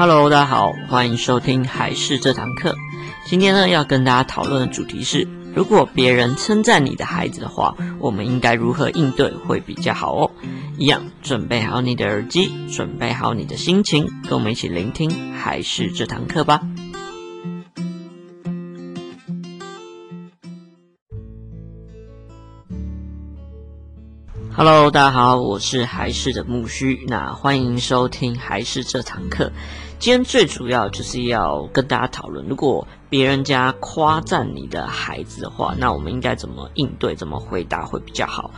Hello，大家好，歡迎收聽還是這堂課。今天呢，要跟大家討論的主題是：如果別人稱讚你的孩子的話，我們應該如何應對會比較好哦？一樣，準備好你的耳機，準備好你的心情，跟我們一起聆聽還是這堂課吧。Hello，大家好，我是還是的木須，那歡迎收聽還是這堂課。今天最主要就是要跟大家討論，如果別人家誇讚你的孩子的話，那我們應該怎麼應對？怎麼回答會比較好？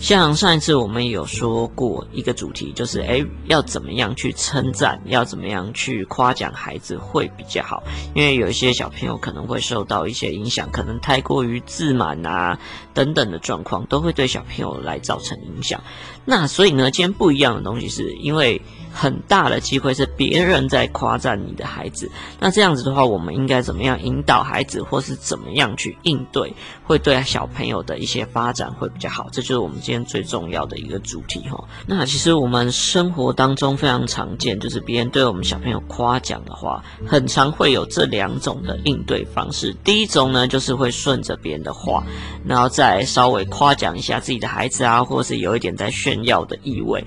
像上一次我們有說過一個主題，就是誒要怎麼樣去稱讚？要怎麼樣去誇獎孩子會比較好？因為有一些小朋友可能會受到一些影響，可能太過於自滿啊等等的狀況，都會對小朋友來造成影響。那所以呢，今天不一樣的東西是因為很大的機會是別人在誇讚你的孩子。那這樣子的話，我們應該怎麼？怎麼樣引導孩子，或是怎麼樣去應對，會對小朋友的一些發展會比較好。這就是我們今天最重要的一個主題哈。那其實我們生活當中非常常見，就是別人對我們小朋友誇獎的話，很常會有這兩種的應對方式。第一種呢，就是會順着別人的話，然後再稍微誇獎一下自己的孩子啊，或是有一點在炫耀的意味。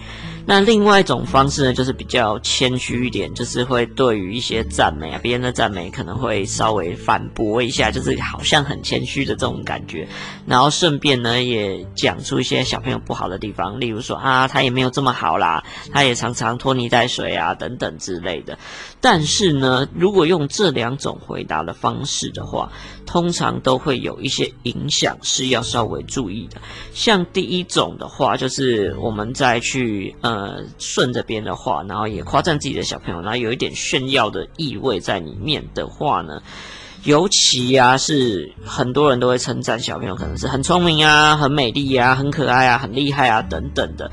那另外一種方式呢，就是比較謙虛一點，就是會對於一些讚美啊，別人的讚美可能會稍微反駁一下，就是好像很謙虛的這種感覺，然後順便呢也講出一些小朋友不好的地方，例如說啊，他也沒有這麼好啦，他也常常拖泥帶水啊等等之類的。但是呢，如果用這兩種回答的方式的話，通常都會有一些影響是要稍微注意的。像第一種的話，就是我們再去嗯。呃，順着邊的話，然後也誇讚自己的小朋友，然後有一點炫耀的意味在裡面的話呢，尤其啊是很多人都會稱讚小朋友，可能是很聰明啊、很美麗啊、很可愛啊、很厲害啊等等的。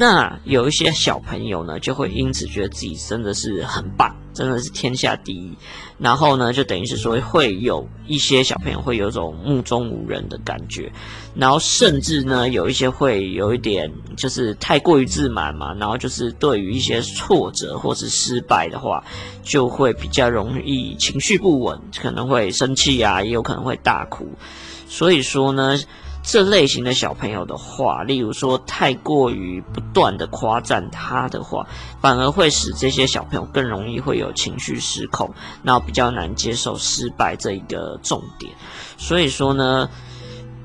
那有一些小朋友呢，就會因此覺得自己真的是很棒，真的是天下第一。然後呢，就等於是說，會有一些小朋友會有一種目中無人的感覺。然後甚至呢，有一些會有一點，就是太過於自滿嘛。然後就是對於一些挫折或是失敗的話，就會比較容易情緒不穩，可能會生氣啊，也有可能會大哭。所以說呢。這類型的小朋友的話，例如說太過於不斷的誇讚他的話，反而會使這些小朋友更容易會有情緒失控，然後比較難接受失敗這一個重點。所以說呢，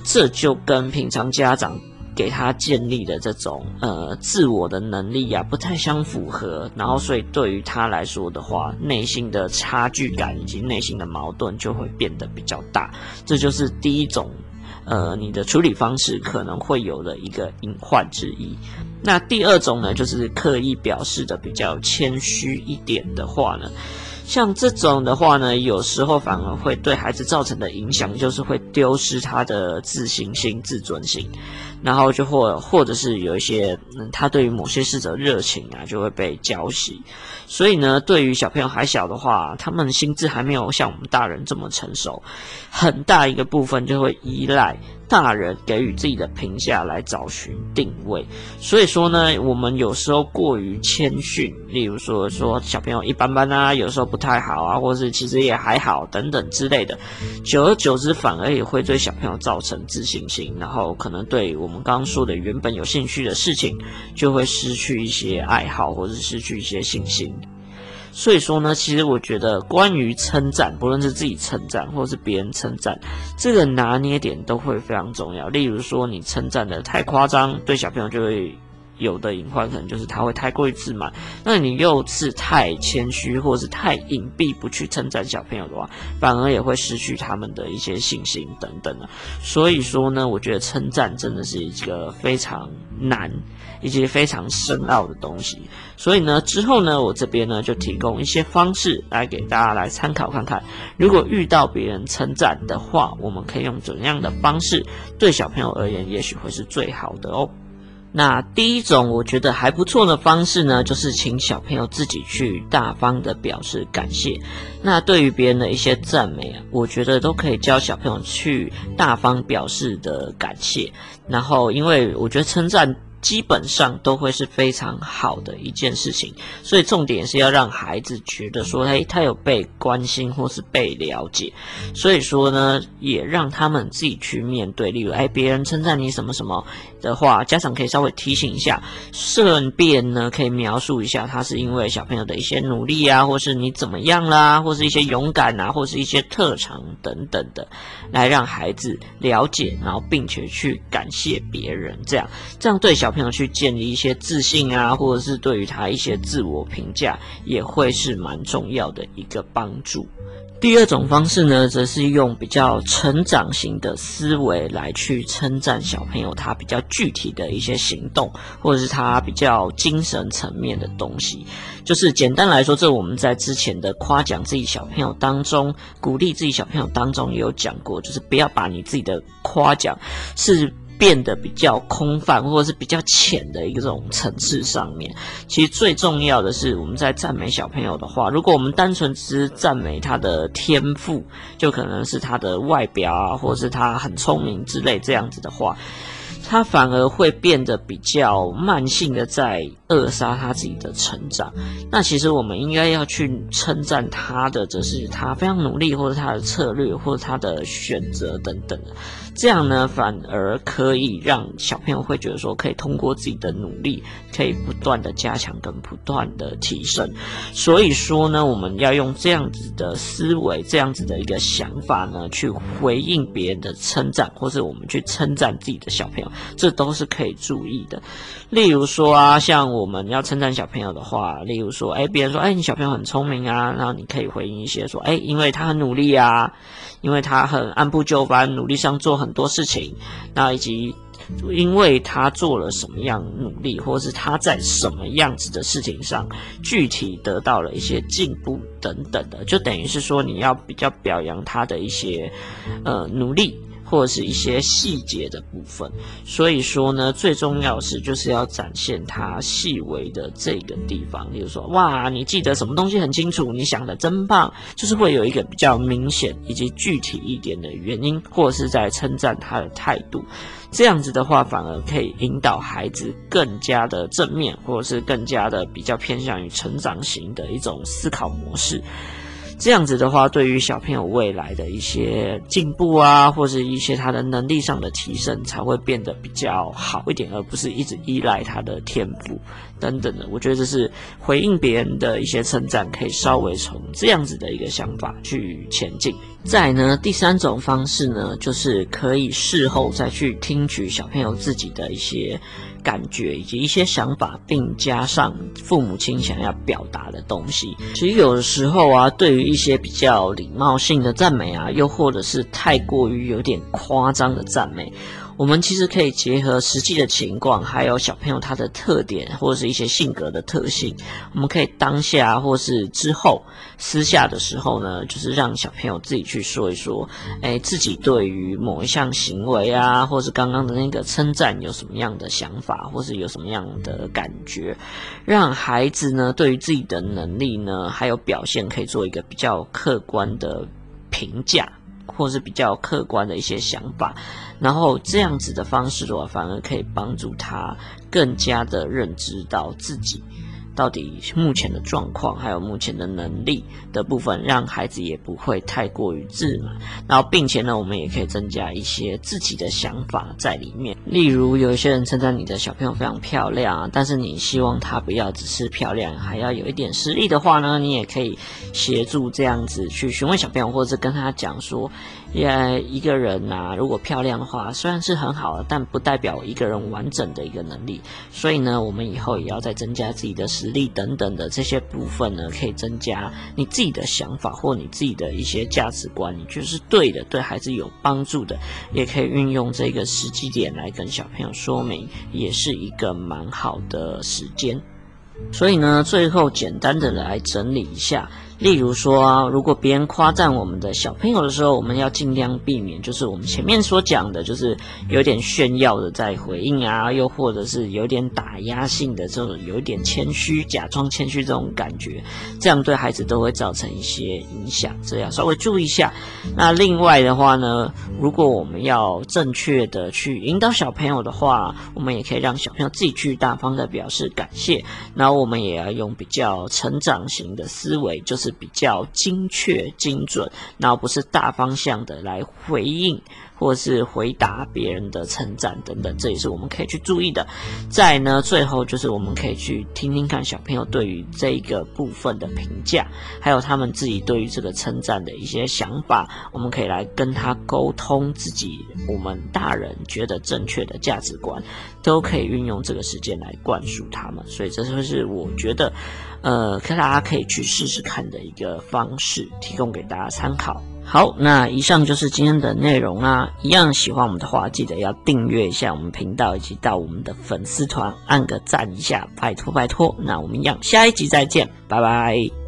這就跟平常家長給他建立的這種呃自我的能力啊，不太相符合，然後所以對於他來說的話，內心的差距感以及內心的矛盾就會變得比較大。這就是第一種。呃，你的處理方式可能會有了一個隱患之一。那第二種呢，就是刻意表示的比較謙虛一點的話呢。像這種的話呢，有時候反而會對孩子造成的影響，就是會丟失他的自信心、自尊心，然後就或或者是有一些，嗯、他對於某些事的熱情啊，就會被澆熄。所以呢，對於小朋友還小的話，他們心智還沒有像我們大人這麼成熟，很大一個部分就會依賴大人給予自己的評價，來找尋定位。所以說呢，我們有時候過於謙遜，例如說說小朋友一般般啊，有時候不太好啊，或是其實也還好等等之類的。久而久之，反而也會對小朋友造成自信心，然後可能對我們剛剛說的原本有興趣的事情，就會失去一些愛好，或是失去一些信心。所以說呢，其實我覺得，關於稱讚，不論是自己稱讚或是別人稱讚，這個拿捏點都會非常重要。例如說，你稱讚得太誇張，對小朋友就會。有的隱患可能就是他會太過於自滿，那你又是太謙虛，或者是太隱蔽，不去稱讚小朋友的話，反而也會失去他們的一些信心等等啊。所以說呢，我覺得稱讚真的是一個非常難以及非常深奧的東西。所以呢，之後呢，我這邊呢就提供一些方式來給大家來參考看看。如果遇到別人稱讚的話，我們可以用怎樣的方式對小朋友而言，也許會是最好的哦。那第一種我覺得還不錯的方式呢，就是請小朋友自己去大方的表示感謝。那對於別人的一些讚美啊，我覺得都可以教小朋友去大方表示的感謝。然後，因為我覺得稱讚。基本上都會是非常好的一件事情，所以重點是要讓孩子覺得說，哎，他有被關心或是被了解，所以說呢，也讓他們自己去面對。例如，哎、欸，別人稱讚你什麼什麼的話，家長可以稍微提醒一下，順便呢，可以描述一下他是因為小朋友的一些努力啊，或是你怎麼樣啦，或是一些勇敢啊，或是一些特長等等的，來讓孩子了解，然後並且去感謝別人，這樣，這樣對小。朋友去建立一些自信啊，或者是對於他一些自我評價，也會是蠻重要的一個幫助。第二種方式呢，則是用比較成長型的思維來去稱讚小朋友他比較具體的一些行動，或者是他比較精神層面的東西。就是簡單來說，這我們在之前的誇獎自己小朋友當中，鼓勵自己小朋友當中也有講過，就是不要把你自己的誇獎是。變得比較空泛，或者是比較淺的一個這種層次上面。其實最重要的是，我們在讚美小朋友的話，如果我們單純只是讚美他的天賦，就可能是他的外表啊，或是他很聰明之類這樣子的話。他反而會變得比較慢性的在扼殺他自己的成長。那其實我們應該要去稱讚他的，就是他非常努力，或者他的策略，或者他的選擇等等。這樣呢，反而可以讓小朋友會覺得說，可以通過自己的努力，可以不斷的加強跟不斷的提升。所以說呢，我們要用這樣子的思維，這樣子的一個想法呢，去回應別人的稱讚，或是我們去稱讚自己的小朋友。這都是可以注意的，例如說啊，像我們要稱讚小朋友的話，例如說，哎，別人說，哎，你小朋友很聰明啊，然後你可以回應一些說，哎，因為他很努力啊，因為他很按部就班，努力上做很多事情，那以及因為他做了什麼樣努力，或是他在什麼樣子的事情上具體得到了一些進步等等的，就等於是說你要比較表揚他的一些，呃，努力。或者是一些細節的部分，所以說呢，最重要的是就是要展現他細微的這個地方。例如說，哇，你記得什麼東西很清楚，你想的真棒，就是會有一個比較明顯以及具體一點的原因，或者是在稱讚他的態度。這樣子的話，反而可以引導孩子更加的正面，或者是更加的比較偏向於成長型的一種思考模式。這樣子的話，對於小朋友未來的一些進步啊，或是一些他的能力上的提升，才會變得比較好一點，而不是一直依賴他的天賦等等的。我覺得這是回應別人的一些稱讚，可以稍微從這樣子的一個想法去前進。嗯。再來呢，第三種方式呢，就是可以事後再去聽取小朋友自己的一些。感覺以及一些想法，並加上父母親想要表達的東西。其實有的時候啊，對於一些比較禮貌性的讚美啊，又或者是太過於有點誇張的讚美。我們其實可以結合實際的情況，還有小朋友他的特點或者是一些性格的特性，我們可以當下或是之後私下的時候呢，就是讓小朋友自己去說一說，誒、哎，自己對於某一項行為啊，或是剛剛的那個稱讚，有什麼樣的想法，或是有什麼樣的感覺，讓孩子呢對於自己的能力呢，還有表現可以做一個比較客觀的評價，或是比較客觀的一些想法。然後這樣子的方式的話，反而可以幫助他更加的認知到自己到底目前的狀況，還有目前的能力的部分，讓孩子也不會太過於自滿。然後，並且呢，我們也可以增加一些自己的想法在裡面。例如，有一些人稱讚你的小朋友非常漂亮啊，但是你希望他不要只是漂亮，還要有一點實力的話呢，你也可以協助這樣子去詢問小朋友，或者是跟他講說。也、yeah，一個人啊，如果漂亮的話，雖然是很好的，但不代表一個人完整的一個能力。所以呢，我們以後也要再增加自己的實力等等的這些部分呢，可以增加你自己的想法或你自己的一些價值觀，你覺得是對的、對孩子有幫助的，也可以運用這個時機點來跟小朋友說明，也是一個蠻好的時間。所以呢，最後簡單的來整理一下。例如說啊，如果別人誇讚我們的小朋友的時候，我們要盡量避免，就是我們前面所講的，就是有點炫耀的在回應啊，又或者是有點打壓性的這種，有一點謙虛，假裝謙虛這種感覺，這樣對孩子都會造成一些影響，這樣稍微注意一下。那另外的話呢，如果我們要正確的去引導小朋友的話，我們也可以讓小朋友自己去大方的表示感謝，然後我們也要用比較成長型的思維，就是。比較精確、精準，然後不是大方向的來回應。或是回答別人的稱讚等等，這也是我們可以去注意的。再來呢，最後就是我們可以去聽聽看小朋友對於這個部分的評價，還有他們自己對於這個稱讚的一些想法，我們可以來跟他溝通自己我們大人覺得正確的價值觀，都可以運用這個時間來灌輸他們。所以這就是我覺得，呃，可以大家可以去試試看的一個方式，提供給大家參考。好，那以上就是今天的內容啊。一樣喜歡我們的話，記得要訂閱一下我們頻道，以及到我們的粉絲團按個讚一下，拜托拜托。那我們一樣下一集再見，拜拜。